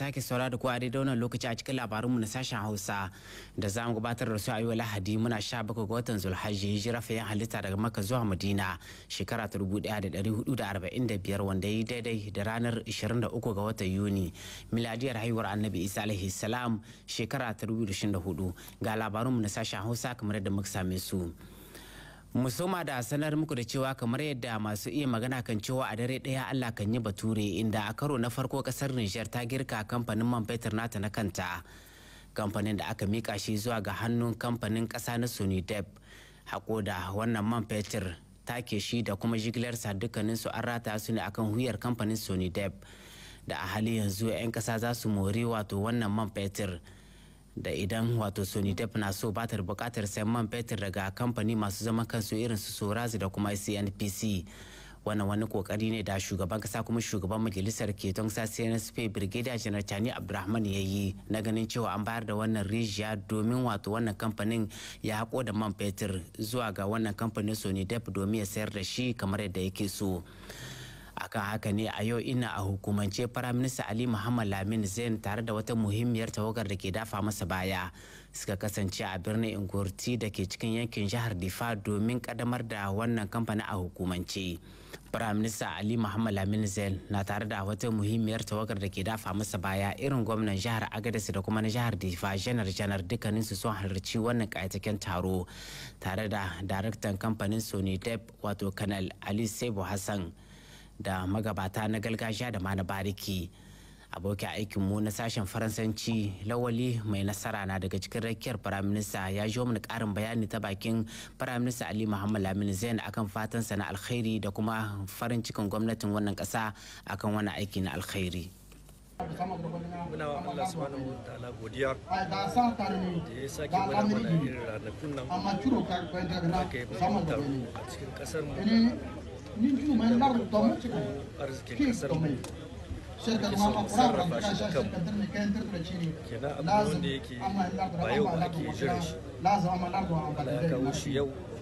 sake saura da ku a daidai wannan lokaci a cikin labarinmu na sashen Hausa da za mu gabatar da su a yau Lahadi muna sha bakwai ga watan zulhaji hijira fayin halitta daga Makka zuwa Madina shekara ta da da da dari hudu arba'in biyar wanda ya yi daidai da ranar da uku ga watan Yuni miladiyar haihuwar Annabi Isa alaihi salam shekara ta da hudu ga labarinmu na sashen Hausa kamar yadda muka same su. mu soma da sanar muku da cewa kamar yadda masu iya magana kan cewa a dare ɗaya Allah kan yi bature inda a karo na farko kasar Nijar ta girka kamfanin man fetur nata na kanta kamfanin da aka mika shi zuwa ga hannun kamfanin ƙasa na Sonidep hako da wannan man fetur take shi da kuma jigilar sa dukkanin su an rata su ne akan huyar kamfanin Sonidep da a hali yanzu 'yan ƙasa za su mori wato wannan man fetur. da idan wato sonitep na so ba ta bukatar sayan man fetur daga kamfani masu zaman kansu irin su sorazi da kuma cnpc wannan wani kokari ne da shugaban kasa kuma shugaban majalisar keton sa cnsp brigadier janar chani abdulrahman ya yi na ganin cewa an bayar da wannan rijiya domin wato wannan kamfanin ya hako da man fetur zuwa ga wannan kamfanin sonidep domin ya sayar da shi kamar yadda yake so akan haka ne a yau ina a hukumance firaminista ali muhammad lamin zain tare da wata muhimmiyar tawagar da ke dafa masa baya suka kasance a birnin ingurti da ke cikin yankin jihar difa domin kadamar da wannan kamfanin a hukumance firaminista ali muhammad lamin zain na tare da wata muhimmiyar tawagar da ke dafa masa baya irin gwamnan jihar agadez da kuma na jihar difa janar janar su sun halarci wannan kayataken taro tare da daraktan kamfanin sony dep wato kanal ali sebo hassan da magabata na galgajiya da ma na bariki abokin aikinmu na sashen faransanci lawali mai nasara na daga cikin rakiyar firaminista ya jo mana karin bayani ta bakin firaminista ali muhammad lamini zain akan fatansa na alkhairi da kuma farin cikin gwamnatin wannan kasa akan wani aiki na alkhairi muna wa Allah subhanahu wa ta'ala godiya da ya sake mana mana irin ranakun nan da yi a cikin kasar mu يمكن ما ينضر الضمير كي الضمير شركه ما قرار كان شركه درني كان درني شيء لازم اما الارض لازم اما الارض اما الارض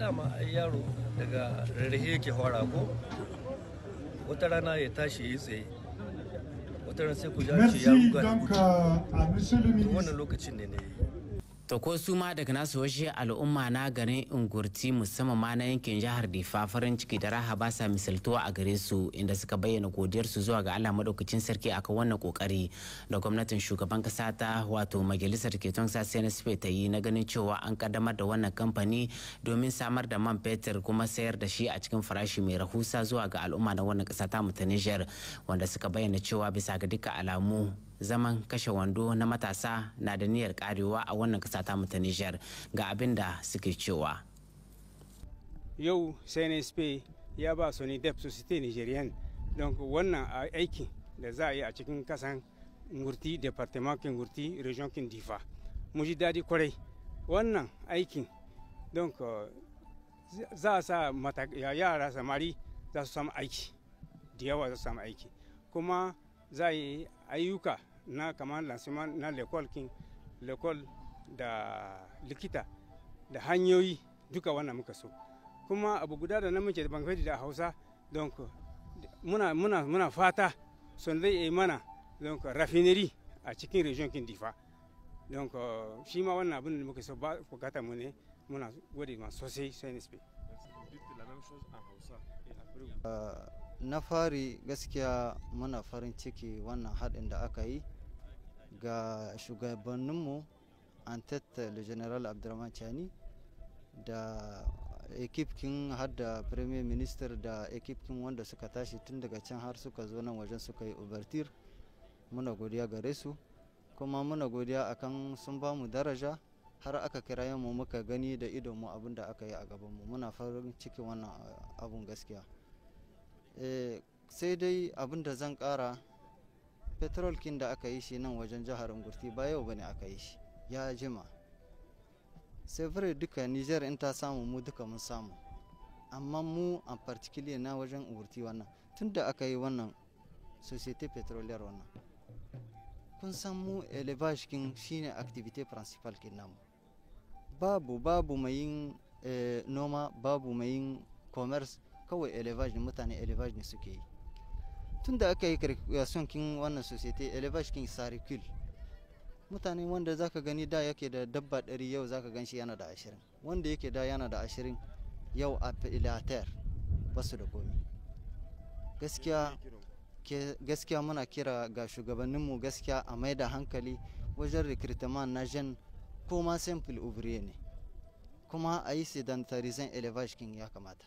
dama ai yaro daga rarrahe yake fara ko wata rana ya tashi ya tsaye wata rana sai ku ja shi ya ruga da euh, wannan lokacin ne ne to ko su ma daga nasu wasu al'umma na garin ungurti musamman ma na yankin jihar difa farin ciki da raha ba sa misaltuwa a gare su inda suka bayyana godiyarsu zuwa ga allah madaukakin sarki akan wannan kokari da gwamnatin shugaban kasa ta wato majalisar keton sasiyan spain ta yi na ganin cewa an kaddamar da wannan kamfani domin samar da man fetur kuma sayar da shi a cikin farashi mai rahusa zuwa ga al'umma na wannan kasa ta mu ta wanda suka bayyana cewa bisa ga duka alamu zaman kashe wando na matasa na da niyyar karewa a wannan kasa ta ta Nijar ga abin da suke cewa. Yau CNSP ya ba su Sony Dep Societe Nigerian don wannan aikin da za a yi a cikin kasan Ngurti, Departement Ngurti, Region Kindifa. Mu ji daɗi kwarai wannan aikin don za a sa yara samari za su samu aiki da yawa za su samu aiki kuma za a yi ayyuka na kamar lansima na lekol kin lekol da likita da hanyoyi duka wannan muka so kuma abu guda da na muke ban da hausa don muna, muna, muna fata son zai yi mana don rafineri a cikin region kin difa don euh, shi ma wannan abin da muka so ba gata mu ne muna gode ma sosai sai nispe. na fari gaskiya muna farin ciki wannan haɗin da aka yi ga shugabanninmu antette general abdurrahman chani da ekipkin har da premier minister da ekipkin wanda suka tashi tun daga can har suka zo nan wajen suka yi ubartir muna godiya gare su kuma muna godiya akan sun ba mu daraja har aka kira mu muka gani da idonmu abin da aka yi a gabanmu muna farin ciki wannan abun gaskiya Eh, sai dai abin da zan kara petrol kin da aka yi shi nan wajen jihar ungurti ba yau bane aka yi shi ya jima sevre duka Nijar in ta samu mu duka mun samu amma mu a particular na wajen ungurti wannan tun da aka yi wannan societe petrolier wannan kun san mu elevage kin shine activity principal kin namu babu babu mai yin eh, noma babu mai yin commerce kawai elevage ne mutane elevage ne suke yi tun da aka yi kirkiyasun kin wannan society elevage kin sarikul mutane wanda zaka gani da yake da dabba ɗari yau zaka gan shi yana da ashirin wanda yake da yana da ashirin yau a filater ba su da komi gaskiya gaskiya muna kira ga shugabannin mu gaskiya a mai da hankali wajen recruitment na jen ko ma simple ouvrier ne kuma a yi sedentarizan elevage king ya kamata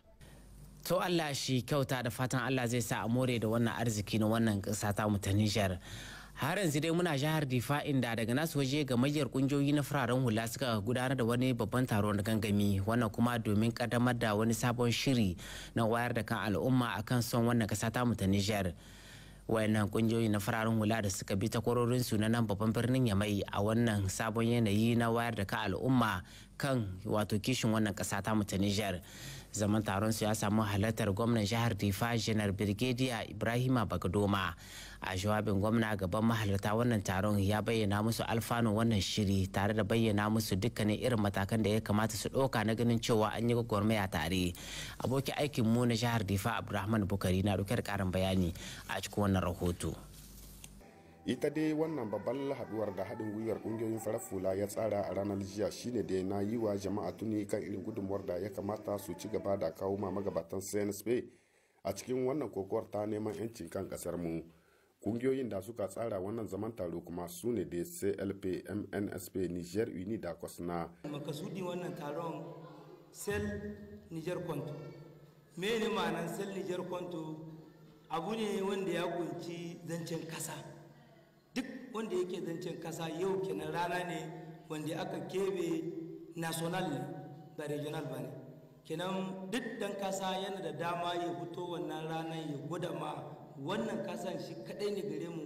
to Allah shi kyauta da fatan Allah zai sa a more da wannan arziki na wannan ƙasa ta mu ta Nijar har yanzu dai muna jihar difa inda daga nasu waje ga gamayyar kungiyoyi na fararen hula suka gudanar da wani babban taro na gangami wannan kuma domin kaddamar da wani sabon shiri na wayar da kan al'umma akan son wannan kasa ta mu ta Nijar. wayannan kungiyoyi na fararen hula da suka bi takwarorinsu na nan babban birnin yamai a wannan sabon yanayi na wayar da ka al'umma kan wato kishin wannan kasa ta mu ta zaman taron su ya samu halartar gwamnan jihar difa janar birgediya ibrahima bagdoma. a jawabin gwamna gaban mahalarta wannan taron ya bayyana musu alfanun wannan shiri tare da bayyana musu dukkanin irin matakan da ya kamata su ɗauka na ganin cewa an yi gwagwarmaya tare aboki aikin mu na jihar difa abdulrahman bukari na ɗauke da ƙarin bayani a cikin wannan rahoto ita dai wannan babban haduwar da haɗin gwiwar ƙungiyoyin farar fula ya tsara a ranar jiya shine da na yi wa jama'a tuni kan irin gudunmuwar da ya kamata su ci gaba da kawo ma magabatan cnsp a cikin wannan kokowar ta neman 'yancin kan ƙasar mu kungiyoyin da suka tsara wannan zaman taro kuma su ne da clp mnsp niger uni da kwasna makasudin wannan taron sel niger kwanto mene ma'anan sel niger kwanto abu ne wanda ya kunci zancen kasa duk wanda yake zancen kasa yau kenan rana ne wanda aka kebe national ne da regional ba ne kenan duk dan kasa yana da dama ya fito wannan ranar ya gwada ma wannan kasan shi kadai ne gare mu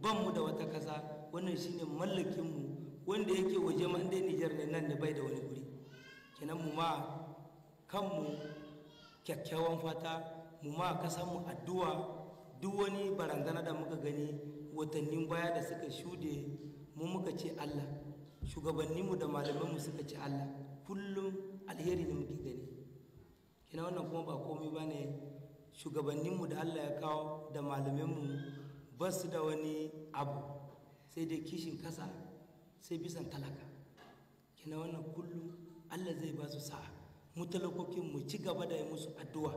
ban mu da wata kasa wannan shine mallakin mu wanda yake waje ma inda Nijar ne nan ne bai da wani guri kenan mu ma kanmu kyakkyawan fata mu ma kasan mu addu'a duk wani barangana da muka gani watannin baya da suka shude mu muka ce Allah shugabanninmu da mu suka ce Allah kullum alheri ne muke gani kina wannan kuma ba komai ba ne shugabanninmu da allah ya kawo da malaminmu ba su da wani abu sai dai kishin kasa sai bisan talaka kina wannan kullum allah zai ba su sa'a mu talakokin mu ci gaba da yi musu addu'a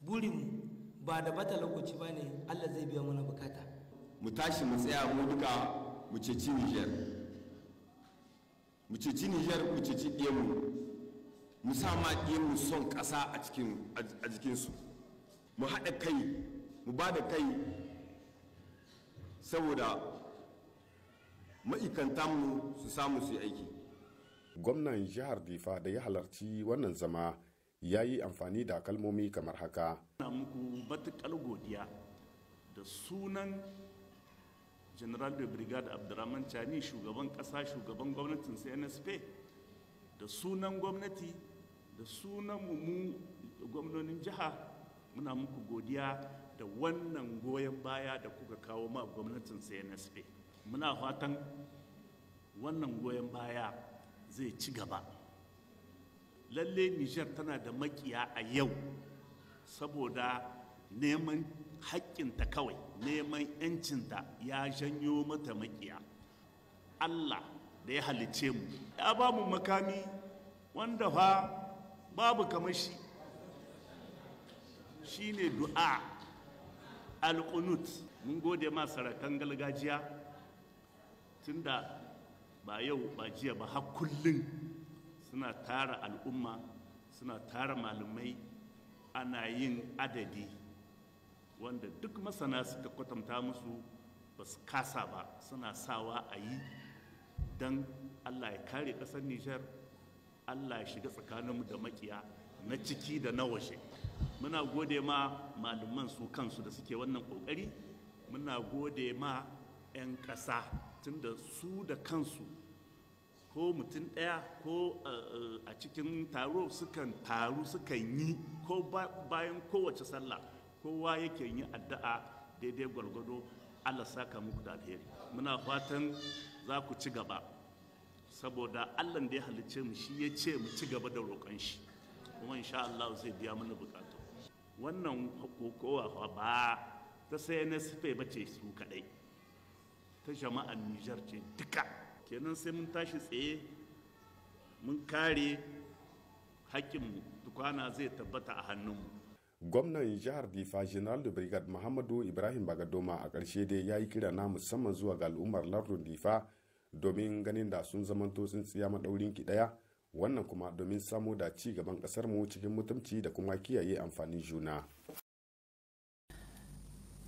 burinmu ba da bata lokaci ba ne allah zai biya mana bukata mu tashi mu tsaya mu duka mu ceci niger mu ceci niger mu ceci ɗiyanmu mu sa ma ɗiyanmu son ƙasa a jikinsu mu haɗa kai mu ba da kai saboda ma'ikanta mu su samu su yi aiki gwamnan jihar difa da ya halarci wannan zama ya yi amfani da kalmomi kamar haka na muku matuƙar godiya da sunan general de brigade abdurrahman chani shugaban ƙasa shugaban gwamnatin cnsp da sunan gwamnati da sunan mu gwamnonin jiha muna muku godiya da wannan goyon baya da kuka kawo ma gwamnatin cnsp muna fatan wannan goyon baya zai ci gaba lalle nijar tana da makiya a yau saboda neman haƙƙinta kawai neman 'yancinta ya janyo mata makiya allah da ya halice mu ya ba mu makami wanda fa babu kamar shi shine du'a alƙunut mun gode ma sarakan gargajiya tunda ba yau ba jiya ba har kullum suna tara al'umma suna tara malamai, ana yin adadi wanda duk masana suka kwatanta musu ba su kasa ba suna sawa a yi don allah ya kare ƙasar nijar allah ya shiga tsakaninmu da makiya na ciki da na washe muna gode ma malaman su kansu da suke wannan kokari muna gode ma 'yan ƙasa tunda su da kansu ko mutum ɗaya ko eh, eh, a cikin taro sukan taru sukan yi ko bayan kowace sallah kowa yake yi addu'a daidai gwargwado allah saka muku da alheri muna fatan za ku ci gaba saboda allah da ya halicce mu shi ya ce mu ci gaba da roƙon shi kuma insha Allah zai biya mana bukatu wannan kokowa ba ta sai na sife bace su kadai ta jama'an Nijar ce duka kenan sai mun tashi tsaye mun kare mu tukwana zai tabbata a hannunmu gwamnan jihar difa general da brigad muhammadu ibrahim bagadoma a ƙarshe dai ya yi kira na musamman zuwa ga al'ummar lardun difa domin ganin da sun zamanto tsintsiya maɗaurin ki ɗaya wannan kuma domin samu da ci gaban kasar mu cikin mutumci da kuma kiyaye amfanin juna.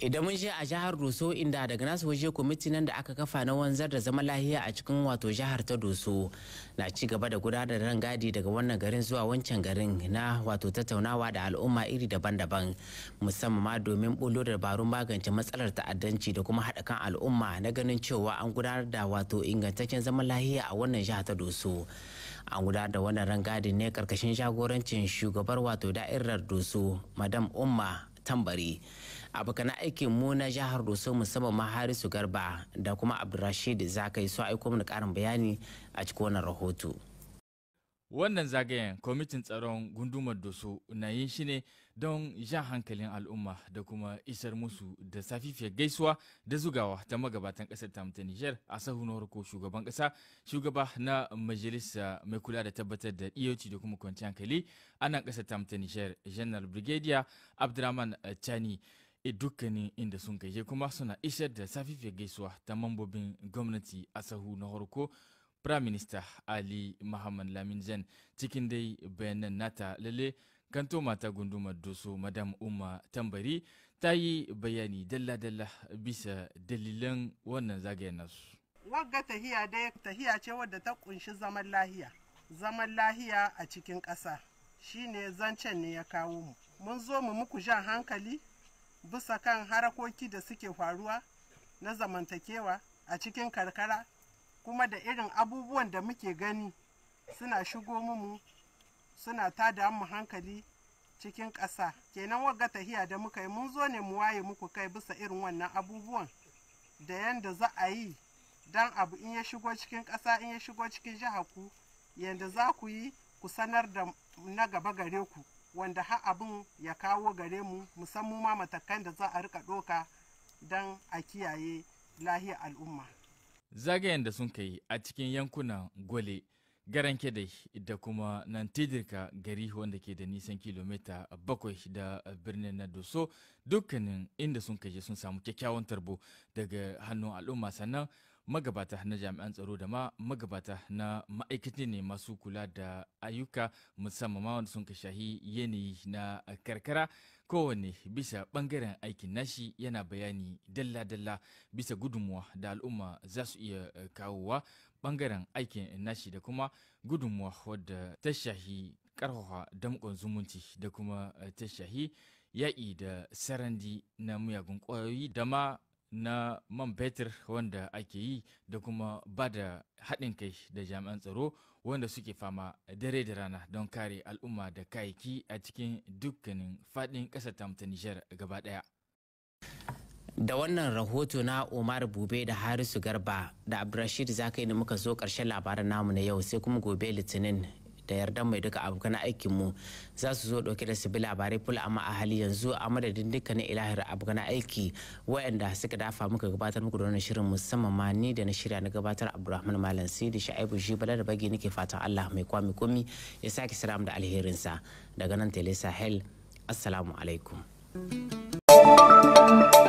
idan mun je a jihar doso inda daga nasu waje kwamiti nan da aka kafa na wanzar da zama lahiya a cikin wato jihar ta doso na ci gaba da gudanar da gadi daga wannan garin zuwa wancan garin na wato tattaunawa da al'umma iri daban-daban musamman ma domin bulo da dabarun magance matsalar ta'addanci da kuma haɗa kan al'umma na ganin cewa an gudanar da wato ingantaccen zaman lahiya a wannan jihar ta doso an gudanar da wannan rangadin ne karkashin jagorancin shugabar wato da'irar doso madam umma tambari abokan aikin mu na jihar doso musamman ma harisu garba da kuma abdurrashid zakai su aiko mana karin bayani a cikin wannan rahoto wannan zagayen kwamitin tsaron gundumar doso na yin shi ne don jan hankalin al'umma da kuma isar musu da safifiyar gaisuwa da zugawa ta magabatan kasar ta nijar a sahu na shugaban kasa shugaba na majalisa mai kula da tabbatar da iyoci da kuma kwanci hankali a nan kasar ta nijar general brigadier abdurrahman chani e dukkanin inda sun kai kuma suna isar da safifiyar gaisuwa ta mambobin gwamnati a sahu na harko Firaminista Ali Muhammad Lamin cikin dai bayanan nata lalle kanto mata gundumar doso madam umma tambari ta yi bayani dalla-dalla bisa dalilan wannan zagayen nasu wagga tahiya dai tahiya ce wadda ta kunshi zaman lahiya zaman lahiya a cikin ƙasa shine zancen ne ya kawo mu mun zo mu muku jan hankali bisa kan harakoki da suke faruwa na zamantakewa a cikin karkara kuma da irin abubuwan da muke gani suna shigo mumu suna tada mu hankali cikin ƙasa kenan wagga tahiya da muka yi mun zo ne mu waye muku kai bisa irin wannan abubuwan da yanda za a yi dan abu in ya shigo cikin ƙasa in ya shigo cikin jiha ku yanda za ku yi ku sanar da na gaba gare ku wanda har abin ya kawo gare mu musamman ma matakan da za a rika ɗoka don a kiyaye lahiyar al'umma zagayen da sun kai a cikin yankunan gwale garan kedai da kuma nan tidirka gari wanda ke da nisan kilomita bakwai da birnin na doso dukkanin inda sun kaje sun samu kyakkyawan tarbo daga hannun al'umma sannan magabata na jami'an tsaro da ma magabata na ma'aikaci ne masu kula da ayyuka musamman ma wanda sun ka shahi yanayi na karkara kowane bisa bangaren aikin nashi yana bayani dalla-dalla bisa gudunmuwa da al'umma za su iya eh, kawowa bangaren aikin nashi da kuma gudunmuwa wadda ta shahi karfafa damkon zumunci da kuma eh, ta shahi yaƙi da sarandi na miyagun ƙwayoyi da ma na man fetur wanda ake yi da kuma ba da haɗin kai da jami'an tsaro wanda suke fama dare da rana don kare al'umma da kayaki a cikin dukkanin faɗin ƙasar ta Nijar gaba ɗaya. da wannan rahoto na Umar Bube da Harisu Garba da abdulrashid Zakai da muka zo karshen labaran namu na yau sai kuma gobe Litinin da yardan mai duka abokan aikin mu za su zo dauke da su bi labarai fula amma a hali yanzu a madadin dukkanin ilahir abokan aiki waɗanda suka dafa muka gabatar muku da wannan shirin musamman ma ni da na shirya na gabatar Abdulrahman Malam da Sha'ibu bala da bagi nake fatan Allah mai kwami komi ya sake salam da alherinsa daga nan Tele Sahel assalamu alaikum thank you